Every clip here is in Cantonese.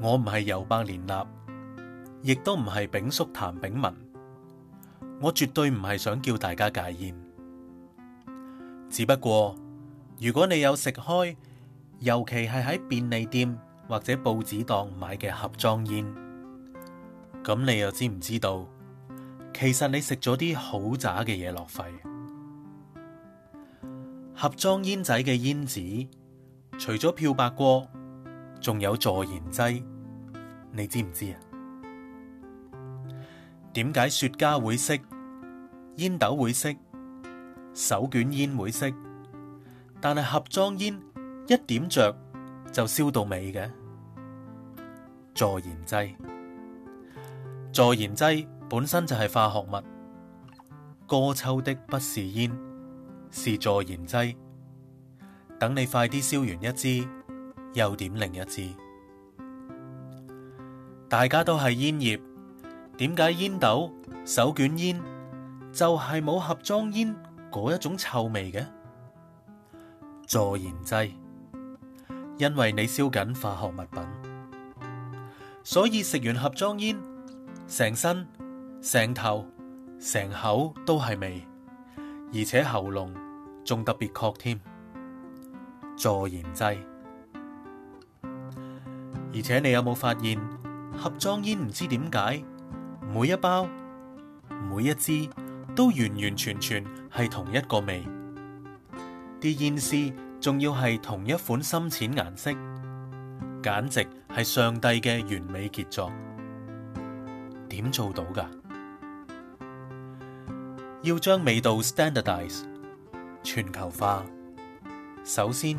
我唔係尤伯連納，亦都唔係炳叔譚炳文。我絕對唔係想叫大家戒煙，只不過如果你有食開，尤其係喺便利店或者報紙檔買嘅盒裝煙，咁你又知唔知道？其實你食咗啲好渣嘅嘢落肺。盒裝煙仔嘅煙紙，除咗漂白過。仲有助燃劑，你知唔知啊？點解雪茄會熄，煙斗會熄，手捲煙會熄，但係盒裝煙一點着就燒到尾嘅？助燃劑，助燃劑本身就係化學物。哥抽的不是煙，是助燃劑。等你快啲燒完一支。又點另一支？大家都係煙葉，點解煙斗、手捲煙就係冇盒裝煙嗰一種臭味嘅助燃劑？因為你燒緊化學物品，所以食完盒裝煙，成身、成頭、成口都係味，而且喉嚨仲特別確添助燃劑。而且你有冇發現盒裝煙，唔知點解每一包每一支都完完全全係同一個味，啲煙絲仲要係同一款深淺顏色，簡直係上帝嘅完美傑作。點做到㗎？要將味道 standardize 全球化，首先。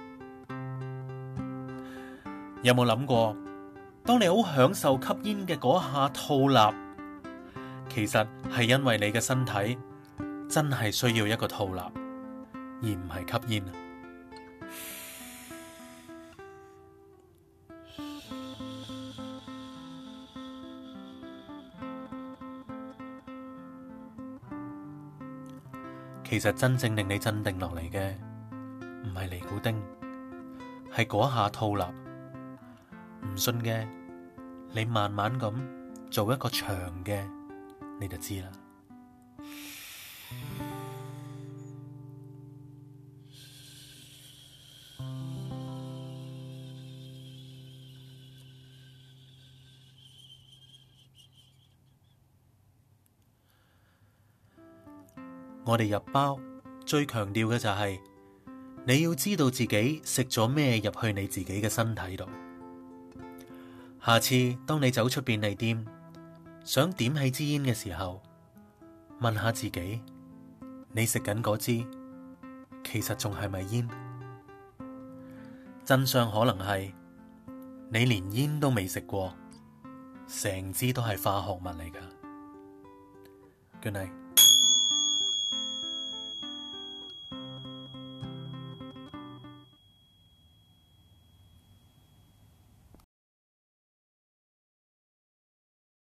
有冇諗過？當你好享受吸煙嘅嗰下吐納，其實係因為你嘅身體真係需要一個吐納，而唔係吸煙。其實真正令你鎮定落嚟嘅，唔係尼古丁，係嗰下吐納。唔信嘅，你慢慢咁做一個長嘅，你就知啦。我哋入包最強調嘅就係，你要知道自己食咗咩入去你自己嘅身體度。下次當你走出便利店，想點起支煙嘅時候，問下自己：你食緊嗰支，其實仲係咪煙？真相可能係你連煙都未食過，成支都係化學物嚟㗎。堅毅。